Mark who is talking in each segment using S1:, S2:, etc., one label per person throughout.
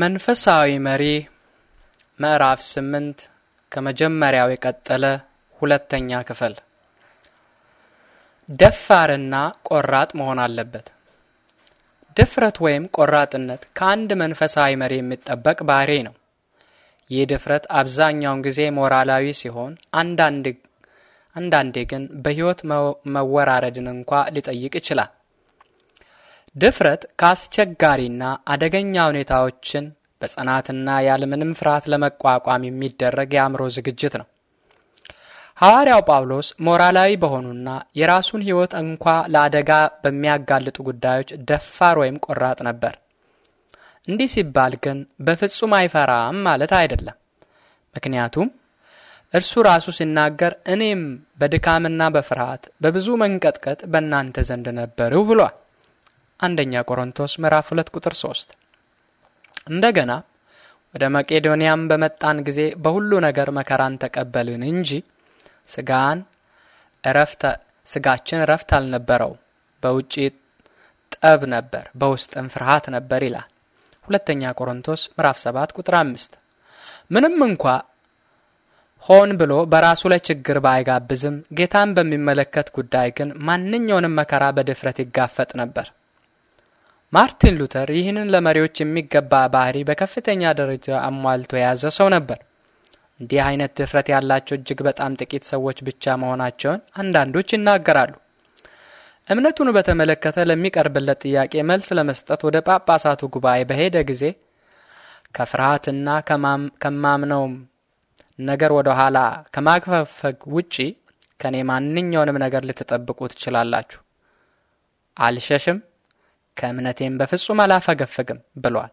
S1: መንፈሳዊ መሪ ምዕራፍ ስምንት ከመጀመሪያው የቀጠለ ሁለተኛ ክፍል። ደፋርና ቆራጥ መሆን አለበት። ድፍረት ወይም ቆራጥነት ከአንድ መንፈሳዊ መሪ የሚጠበቅ ባህሪ ነው። ይህ ድፍረት አብዛኛውን ጊዜ ሞራላዊ ሲሆን፣ አንዳንዴ ግን በሕይወት መወራረድን እንኳ ሊጠይቅ ይችላል። ድፍረት ከአስቸጋሪና አደገኛ ሁኔታዎችን በጽናትና ያለምንም ፍርሃት ለመቋቋም የሚደረግ የአእምሮ ዝግጅት ነው። ሐዋርያው ጳውሎስ ሞራላዊ በሆኑና የራሱን ሕይወት እንኳ ለአደጋ በሚያጋልጡ ጉዳዮች ደፋር ወይም ቆራጥ ነበር። እንዲህ ሲባል ግን በፍጹም አይፈራም ማለት አይደለም። ምክንያቱም እርሱ ራሱ ሲናገር እኔም በድካምና በፍርሃት በብዙ መንቀጥቀጥ በእናንተ ዘንድ ነበርሁ ብሏል። አንደኛ ቆሮንቶስ ምዕራፍ 2 ቁጥር 3። እንደገና ወደ መቄዶንያም በመጣን ጊዜ በሁሉ ነገር መከራን ተቀበልን እንጂ ስጋን እረፍት ስጋችን እረፍት አልነበረው። በውጪ ጠብ ነበር፣ በውስጥም ፍርሃት ነበር ይላል ሁለተኛ ቆሮንቶስ ምዕራፍ 7 ቁጥር 5። ምንም እንኳ ሆን ብሎ በራሱ ለችግር ባይጋብዝም ጌታን በሚመለከት ጉዳይ ግን ማንኛውንም መከራ በድፍረት ይጋፈጥ ነበር። ማርቲን ሉተር ይህንን ለመሪዎች የሚገባ ባህሪ በከፍተኛ ደረጃ አሟልቶ የያዘ ሰው ነበር። እንዲህ አይነት ድፍረት ያላቸው እጅግ በጣም ጥቂት ሰዎች ብቻ መሆናቸውን አንዳንዶች ይናገራሉ። እምነቱን በተመለከተ ለሚቀርብለት ጥያቄ መልስ ለመስጠት ወደ ጳጳሳቱ ጉባኤ በሄደ ጊዜ ከፍርሃትና ከማምነውም ነገር ወደ ኋላ ከማክፈፈግ ውጪ ከእኔ ማንኛውንም ነገር ልትጠብቁ ትችላላችሁ፣ አልሸሽም ከእምነቴም በፍጹም አላፈገፍግም ብሏል።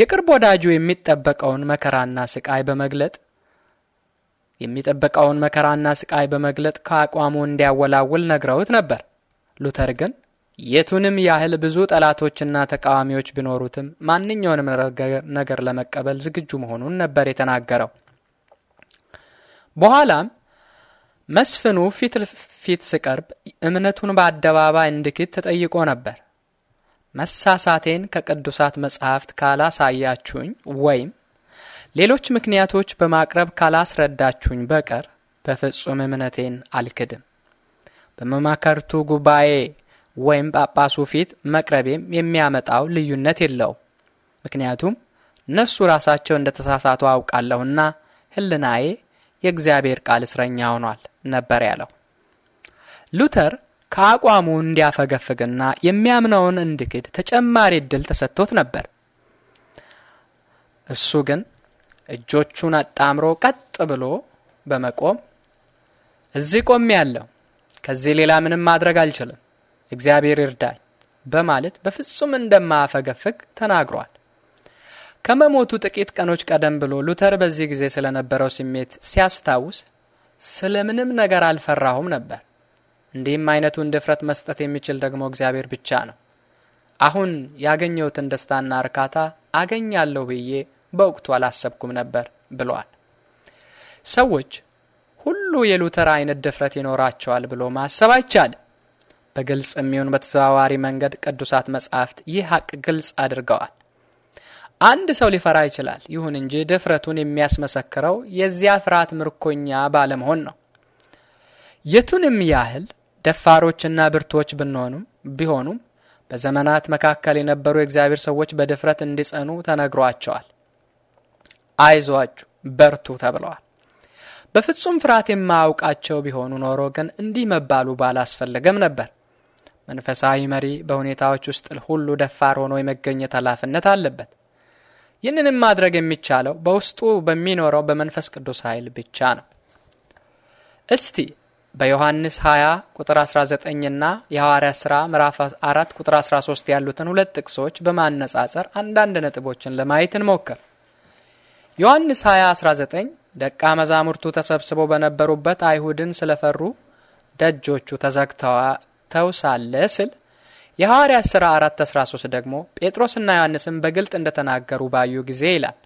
S1: የቅርብ ወዳጁ የሚጠበቀውን መከራና ስቃይ በመግለጥ የሚጠበቀውን መከራና ስቃይ በመግለጥ ከአቋሙ እንዲያወላውል ነግረውት ነበር። ሉተር ግን የቱንም ያህል ብዙ ጠላቶችና ተቃዋሚዎች ቢኖሩትም ማንኛውንም ነገር ለመቀበል ዝግጁ መሆኑን ነበር የተናገረው። በኋላም መስፍኑ ፊት ፊት ስቀርብ እምነቱን በአደባባይ እንድክት ተጠይቆ ነበር። መሳሳቴን ከቅዱሳት መጻሕፍት ካላሳያችሁኝ ወይም ሌሎች ምክንያቶች በማቅረብ ካላስረዳችሁኝ በቀር በፍጹም እምነቴን አልክድም። በመማከርቱ ጉባኤ ወይም ጳጳሱ ፊት መቅረቤም የሚያመጣው ልዩነት የለው። ምክንያቱም እነሱ ራሳቸው እንደ ተሳሳቱ አውቃለሁና ሕልናዬ የእግዚአብሔር ቃል እስረኛ ሆኗል ነበር ያለው ሉተር ከአቋሙ እንዲያፈገፍግና የሚያምነውን እንዲክድ ተጨማሪ እድል ተሰጥቶት ነበር። እሱ ግን እጆቹን አጣምሮ ቀጥ ብሎ በመቆም እዚህ ቆሜ ያለው ከዚህ ሌላ ምንም ማድረግ አልችልም፣ እግዚአብሔር ይርዳኝ በማለት በፍጹም እንደማያፈገፍግ ተናግሯል። ከመሞቱ ጥቂት ቀኖች ቀደም ብሎ ሉተር በዚህ ጊዜ ስለነበረው ስሜት ሲያስታውስ ስለምንም ነገር አልፈራሁም ነበር እንዲህም አይነቱን ድፍረት መስጠት የሚችል ደግሞ እግዚአብሔር ብቻ ነው። አሁን ያገኘሁትን ደስታና እርካታ አገኛለሁ ብዬ በወቅቱ አላሰብኩም ነበር ብሏል። ሰዎች ሁሉ የሉተር አይነት ድፍረት ይኖራቸዋል ብሎ ማሰብ አይቻልም። በግልጽ የሚሆን በተዘዋዋሪ መንገድ ቅዱሳት መጻሕፍት ይህ ሀቅ ግልጽ አድርገዋል። አንድ ሰው ሊፈራ ይችላል። ይሁን እንጂ ድፍረቱን የሚያስመሰክረው የዚያ ፍርሃት ምርኮኛ ባለመሆን ነው። የቱንም ያህል ደፋሮችና ብርቶች ብንሆኑም ቢሆኑም በዘመናት መካከል የነበሩ የእግዚአብሔር ሰዎች በድፍረት እንዲጸኑ ተነግሯቸዋል። አይዟችሁ በርቱ ተብለዋል። በፍጹም ፍርሃት የማያውቃቸው ቢሆኑ ኖሮ ግን እንዲህ መባሉ ባላስፈለገም ነበር። መንፈሳዊ መሪ በሁኔታዎች ውስጥ ሁሉ ደፋር ሆኖ የመገኘት ኃላፊነት አለበት። ይህንንም ማድረግ የሚቻለው በውስጡ በሚኖረው በመንፈስ ቅዱስ ኃይል ብቻ ነው። እስቲ በዮሐንስ 20 ቁጥር 19 እና የሐዋርያ ሥራ ምዕራፍ 4 ቁጥር 13 ያሉትን ሁለት ጥቅሶች በማነጻጸር አንዳንድ ነጥቦችን ለማየት እንሞክር። ዮሐንስ 19 ደቀ መዛሙርቱ ተሰብስበው በነበሩበት አይሁድን ስለፈሩ ደጆቹ ተዘግተው ሳለ ስል የሐዋርያ ሥራ 4:13 ደግሞ ጴጥሮስና ዮሐንስን በግልጥ እንደተናገሩ ባዩ ጊዜ ይላል።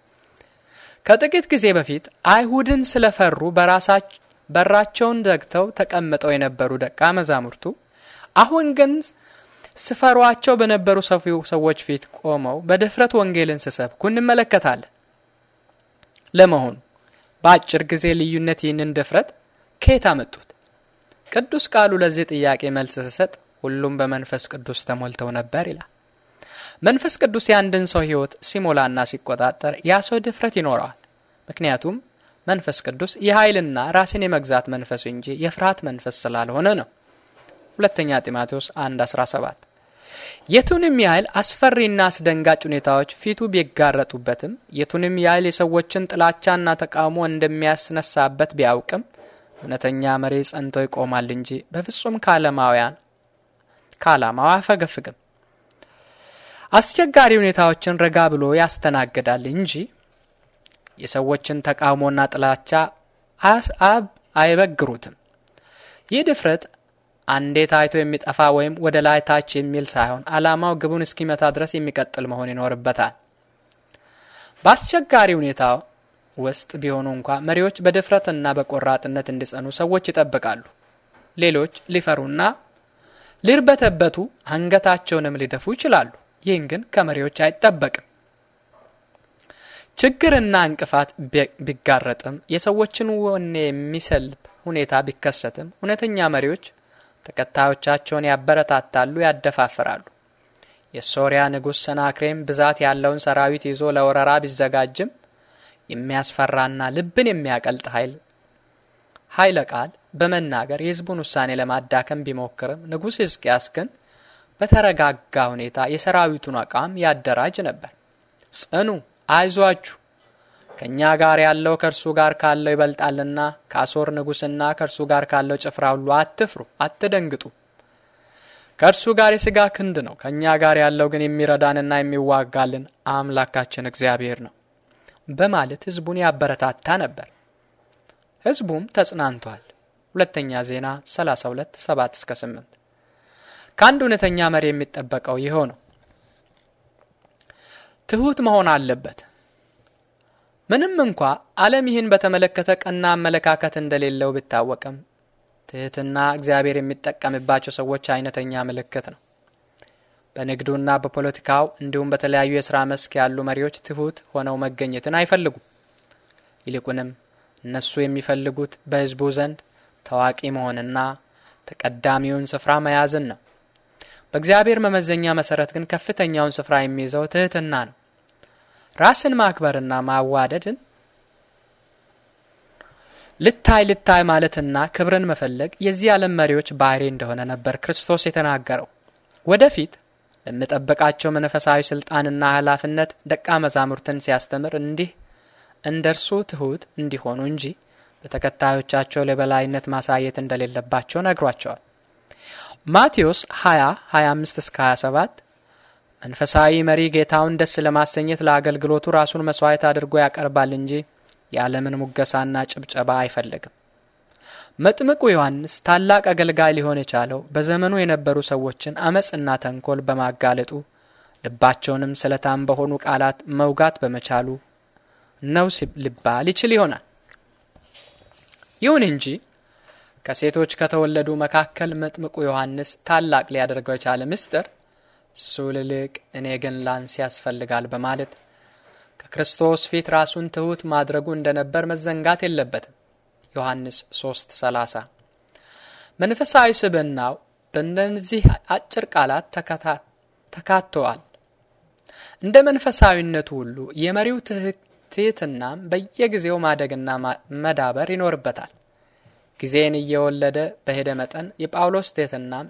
S1: ከጥቂት ጊዜ በፊት አይሁድን ስለፈሩ በራሳቸው በራቸውን ዘግተው ተቀምጠው የነበሩ ደቀ መዛሙርቱ አሁን ግን ስፈሯቸው በነበሩ ሰፊው ሰዎች ፊት ቆመው በድፍረት ወንጌልን ስሰብኩ እንመለከታለን። ለመሆኑ በአጭር ጊዜ ልዩነት ይህንን ድፍረት ከየት አመጡት? ቅዱስ ቃሉ ለዚህ ጥያቄ መልስ ስሰጥ ሁሉም በመንፈስ ቅዱስ ተሞልተው ነበር ይላል። መንፈስ ቅዱስ የአንድን ሰው ሕይወት ሲሞላና ሲቆጣጠር ያ ሰው ድፍረት ይኖረዋል። ምክንያቱም መንፈስ ቅዱስ የኃይልና ራስን የመግዛት መንፈስ እንጂ የፍርሃት መንፈስ ስላልሆነ ነው። ሁለተኛ ጢሞቴዎስ 1 17 የቱንም ያህል አስፈሪና አስደንጋጭ ሁኔታዎች ፊቱ ቢጋረጡበትም የቱንም ያህል የሰዎችን ጥላቻና ተቃውሞ እንደሚያስነሳበት ቢያውቅም እውነተኛ መሪ ጸንቶ ይቆማል እንጂ በፍጹም ከዓለማውያን ከዓላማው አያፈገፍግም። አስቸጋሪ ሁኔታዎችን ረጋ ብሎ ያስተናግዳል እንጂ የሰዎችን ተቃውሞና ጥላቻ አብ አይበግሩትም። ይህ ድፍረት አንዴ ታይቶ የሚጠፋ ወይም ወደ ላይ ታች የሚል ሳይሆን ዓላማው ግቡን እስኪመታ ድረስ የሚቀጥል መሆን ይኖርበታል። በአስቸጋሪ ሁኔታ ውስጥ ቢሆኑ እንኳ መሪዎች በድፍረትና በቆራጥነት እንዲጸኑ ሰዎች ይጠብቃሉ። ሌሎች ሊፈሩና ሊርበተበቱ አንገታቸውንም ሊደፉ ይችላሉ። ይህን ግን ከመሪዎች አይጠበቅም። ችግርና እንቅፋት ቢጋረጥም የሰዎችን ወኔ የሚሰልብ ሁኔታ ቢከሰትም እውነተኛ መሪዎች ተከታዮቻቸውን ያበረታታሉ፣ ያደፋፍራሉ። የሶሪያ ንጉሥ ሰናክሬም ብዛት ያለውን ሰራዊት ይዞ ለወረራ ቢዘጋጅም የሚያስፈራና ልብን የሚያቀልጥ ኃይል ኃይለ ቃል በመናገር የሕዝቡን ውሳኔ ለማዳከም ቢሞክርም ንጉሥ ሕዝቅያስ ግን በተረጋጋ ሁኔታ የሰራዊቱን አቋም ያደራጅ ነበር። ጽኑ አይዟችሁ ከእኛ ጋር ያለው ከእርሱ ጋር ካለው ይበልጣልና ከአሶር ንጉሥና ከእርሱ ጋር ካለው ጭፍራ ሁሉ አትፍሩ፣ አትደንግጡ። ከእርሱ ጋር የሥጋ ክንድ ነው፣ ከእኛ ጋር ያለው ግን የሚረዳንና የሚዋጋልን አምላካችን እግዚአብሔር ነው በማለት ሕዝቡን ያበረታታ ነበር። ሕዝቡም ተጽናንቷል። ሁለተኛ ዜና 32 7 እስከ 8 ከአንድ እውነተኛ መሪ የሚጠበቀው ይኸው ነው። ትሑት መሆን አለበት። ምንም እንኳ ዓለም ይህን በተመለከተ ቀና አመለካከት እንደሌለው ብታወቅም ትሕትና እግዚአብሔር የሚጠቀምባቸው ሰዎች አይነተኛ ምልክት ነው። በንግዱና በፖለቲካው እንዲሁም በተለያዩ የሥራ መስክ ያሉ መሪዎች ትሑት ሆነው መገኘትን አይፈልጉም። ይልቁንም እነሱ የሚፈልጉት በሕዝቡ ዘንድ ታዋቂ መሆንና ተቀዳሚውን ስፍራ መያዝን ነው። በእግዚአብሔር መመዘኛ መሰረት ግን ከፍተኛውን ስፍራ የሚይዘው ትህትና ነው። ራስን ማክበርና ማዋደድን ልታይ ልታይ ማለትና ክብርን መፈለግ የዚህ ዓለም መሪዎች ባህሪ እንደሆነ ነበር ክርስቶስ የተናገረው። ወደፊት ለምጠበቃቸው መንፈሳዊ ስልጣንና ኃላፊነት ደቀ መዛሙርትን ሲያስተምር እንዲህ እንደ እርሱ ትሑት እንዲሆኑ እንጂ በተከታዮቻቸው ለበላይነት ማሳየት እንደሌለባቸው ነግሯቸዋል። ማቴዎስ 20 25 እስከ 27 መንፈሳዊ መሪ ጌታውን ደስ ለማሰኘት ለአገልግሎቱ ራሱን መስዋዕት አድርጎ ያቀርባል እንጂ የዓለምን ሙገሳና ጭብጨባ አይፈልግም። መጥምቁ ዮሐንስ ታላቅ አገልጋይ ሊሆን የቻለው በዘመኑ የነበሩ ሰዎችን አመፅና ተንኮል በማጋለጡ ልባቸውንም ስለታም በሆኑ ቃላት መውጋት በመቻሉ ነው ሊባል ይችል ይሆናል። ይሁን እንጂ ከሴቶች ከተወለዱ መካከል መጥምቁ ዮሐንስ ታላቅ ሊያደርገው የቻለ ምስጢር እሱ ልልቅ እኔ ግን ላንስ ያስፈልጋል በማለት ከክርስቶስ ፊት ራሱን ትሑት ማድረጉ እንደነበር መዘንጋት የለበትም። ዮሐንስ 3:30 መንፈሳዊ ስብናው በእነዚህ አጭር ቃላት ተካተዋል። እንደ መንፈሳዊነቱ ሁሉ የመሪው ትሕትናም በየጊዜው ማደግና መዳበር ይኖርበታል። ጊዜን እየወለደ በሄደ መጠን የጳውሎስ ትሕትናም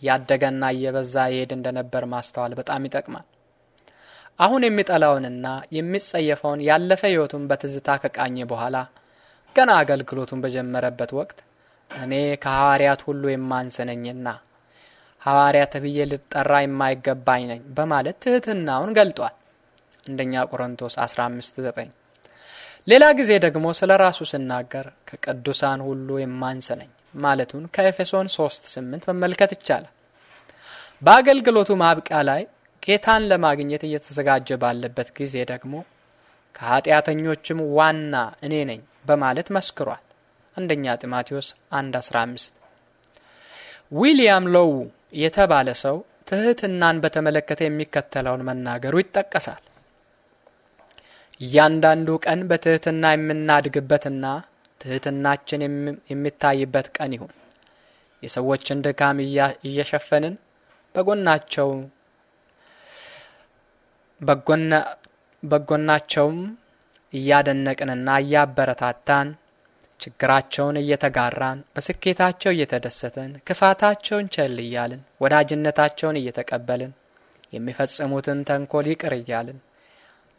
S1: እያደገና እየበዛ ይሄድ እንደነበር ማስተዋል በጣም ይጠቅማል። አሁን የሚጠላውንና የሚጸየፈውን ያለፈ ሕይወቱን በትዝታ ከቃኘ በኋላ ገና አገልግሎቱን በጀመረበት ወቅት እኔ ከሐዋርያት ሁሉ የማንስነኝና ሐዋርያ ተብዬ ልጠራ የማይገባኝ ነኝ በማለት ትህትናውን ገልጧል። አንደኛ ቆሮንቶስ 15 9 ሌላ ጊዜ ደግሞ ስለ ራሱ ስናገር ከቅዱሳን ሁሉ የማንስ ነኝ ማለቱን ከኤፌሶን 3 8 መመልከት ይቻላል። በአገልግሎቱ ማብቂያ ላይ ጌታን ለማግኘት እየተዘጋጀ ባለበት ጊዜ ደግሞ ከኃጢአተኞችም ዋና እኔ ነኝ በማለት መስክሯል። አንደኛ ጢማቴዎስ 1 15 ዊሊያም ሎው የተባለ ሰው ትህትናን በተመለከተ የሚከተለውን መናገሩ ይጠቀሳል። እያንዳንዱ ቀን በትህትና የምናድግበትና ትህትናችን የሚታይበት ቀን ይሁን። የሰዎችን ድካም እየሸፈንን በጎናቸው በጎናቸውም እያደነቅንና እያበረታታን ችግራቸውን እየተጋራን በስኬታቸው እየተደሰተን ክፋታቸውን ቸል እያልን ወዳጅነታቸውን እየተቀበልን የሚፈጽሙትን ተንኮል ይቅር እያልን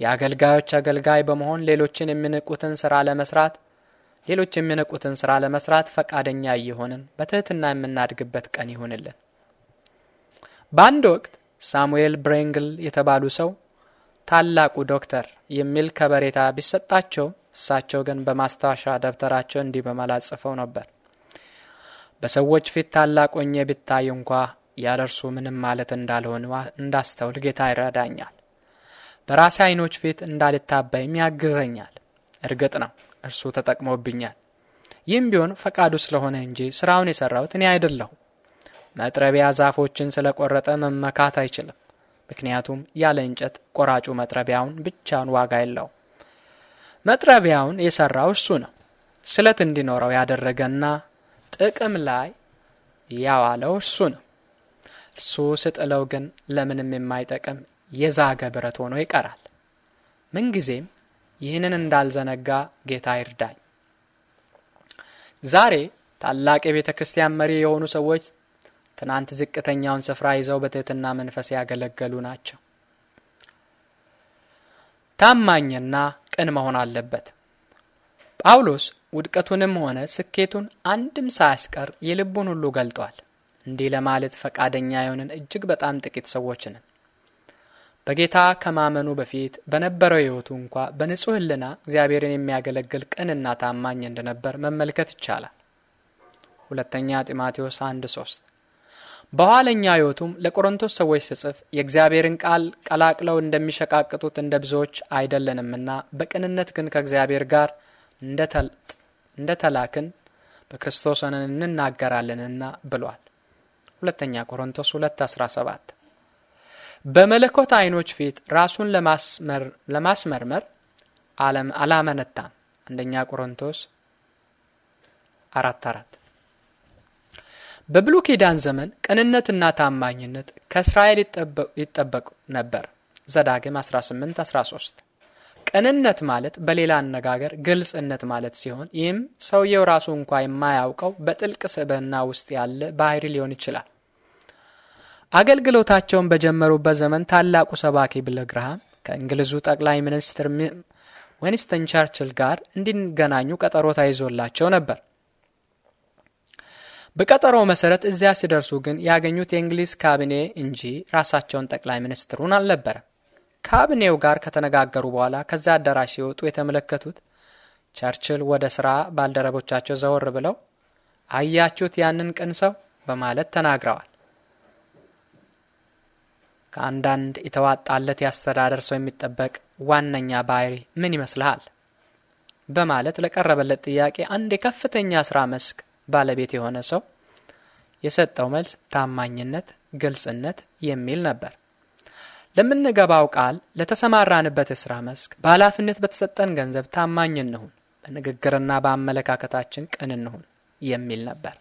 S1: የአገልጋዮች አገልጋይ በመሆን ሌሎችን የሚንቁትን ስራ ለመስራት ሌሎች የሚንቁትን ስራ ለመስራት ፈቃደኛ እየሆንን በትህትና የምናድግበት ቀን ይሆንልን። በአንድ ወቅት ሳሙኤል ብሬንግል የተባሉ ሰው ታላቁ ዶክተር የሚል ከበሬታ ቢሰጣቸው እሳቸው ግን በማስታወሻ ደብተራቸው እንዲህ በማለት ጽፈው ነበር። በሰዎች ፊት ታላቅ ሆኜ ብታይ እንኳ ያለርሱ ምንም ማለት እንዳልሆን እንዳስተውል ጌታ ይረዳኛል። በራሴ አይኖች ፊት እንዳልታበይም ያግዘኛል። እርግጥ ነው እርሱ ተጠቅሞብኛል። ይህም ቢሆን ፈቃዱ ስለሆነ እንጂ ስራውን የሰራሁት እኔ አይደለሁ። መጥረቢያ ዛፎችን ስለቆረጠ መመካት አይችልም። ምክንያቱም ያለ እንጨት ቆራጩ መጥረቢያውን ብቻውን ዋጋ የለው። መጥረቢያውን የሰራው እርሱ ነው። ስለት እንዲኖረው ያደረገና ጥቅም ላይ ያዋለው እርሱ ነው። እርሱ ስጥለው ግን ለምንም የማይጠቅም የዛገ ብረት ሆኖ ይቀራል። ምንጊዜም ይህንን እንዳልዘነጋ ጌታ ይርዳኝ። ዛሬ ታላቅ የቤተ ክርስቲያን መሪ የሆኑ ሰዎች ትናንት ዝቅተኛውን ስፍራ ይዘው በትህትና መንፈስ ያገለገሉ ናቸው። ታማኝና ቅን መሆን አለበት። ጳውሎስ ውድቀቱንም ሆነ ስኬቱን አንድም ሳያስቀር የልቡን ሁሉ ገልጧል። እንዲህ ለማለት ፈቃደኛ የሆንን እጅግ በጣም ጥቂት ሰዎች ነን። በጌታ ከማመኑ በፊት በነበረው ሕይወቱ እንኳ በንጹሕ ሕሊና እግዚአብሔርን የሚያገለግል ቅንና ታማኝ እንደነበር መመልከት ይቻላል። ሁለተኛ ጢማቴዎስ 1 ሶስት በኋለኛ ሕይወቱም ለቆሮንቶስ ሰዎች ስጽፍ የእግዚአብሔርን ቃል ቀላቅለው እንደሚሸቃቅጡት እንደ ብዙዎች አይደለንምና በቅንነት ግን ከእግዚአብሔር ጋር እንደ ተላክን በክርስቶስ ሆነን እንናገራለንና ብሏል። ሁለተኛ ቆሮንቶስ አስራ ሰባት በመለኮት አይኖች ፊት ራሱን ለማስመርመር አላመነታም። አንደኛ ቆሮንቶስ አራት አራት በብሉ ኪዳን ዘመን ቅንነትና ታማኝነት ከእስራኤል ይጠበቁ ነበር። ዘዳግም 18 13 ቅንነት ማለት በሌላ አነጋገር ግልጽነት ማለት ሲሆን ይህም ሰውየው ራሱ እንኳ የማያውቀው በጥልቅ ስብዕና ውስጥ ያለ ባህሪ ሊሆን ይችላል። አገልግሎታቸውን በጀመሩበት ዘመን ታላቁ ሰባኪ ብለግርሃም ግርሃም ከእንግሊዙ ጠቅላይ ሚኒስትር ዊንስተን ቸርችል ጋር እንዲገናኙ ቀጠሮ ተይዞላቸው ነበር። በቀጠሮ መሰረት እዚያ ሲደርሱ ግን ያገኙት የእንግሊዝ ካቢኔ እንጂ ራሳቸውን ጠቅላይ ሚኒስትሩን አልነበረም። ካቢኔው ጋር ከተነጋገሩ በኋላ ከዚያ አዳራሽ ሲወጡ የተመለከቱት ቸርችል ወደ ስራ ባልደረቦቻቸው ዘወር ብለው አያችሁት ያንን ቅን ሰው በማለት ተናግረዋል። ከአንዳንድ የተዋጣለት የአስተዳደር ሰው የሚጠበቅ ዋነኛ ባህሪ ምን ይመስልሃል? በማለት ለቀረበለት ጥያቄ አንድ የከፍተኛ ስራ መስክ ባለቤት የሆነ ሰው የሰጠው መልስ ታማኝነት፣ ግልጽነት የሚል ነበር። ለምንገባው ቃል፣ ለተሰማራንበት የስራ መስክ፣ በኃላፊነት በተሰጠን ገንዘብ ታማኝ እንሁን፣ በንግግርና በአመለካከታችን ቅን እንሁን የሚል ነበር።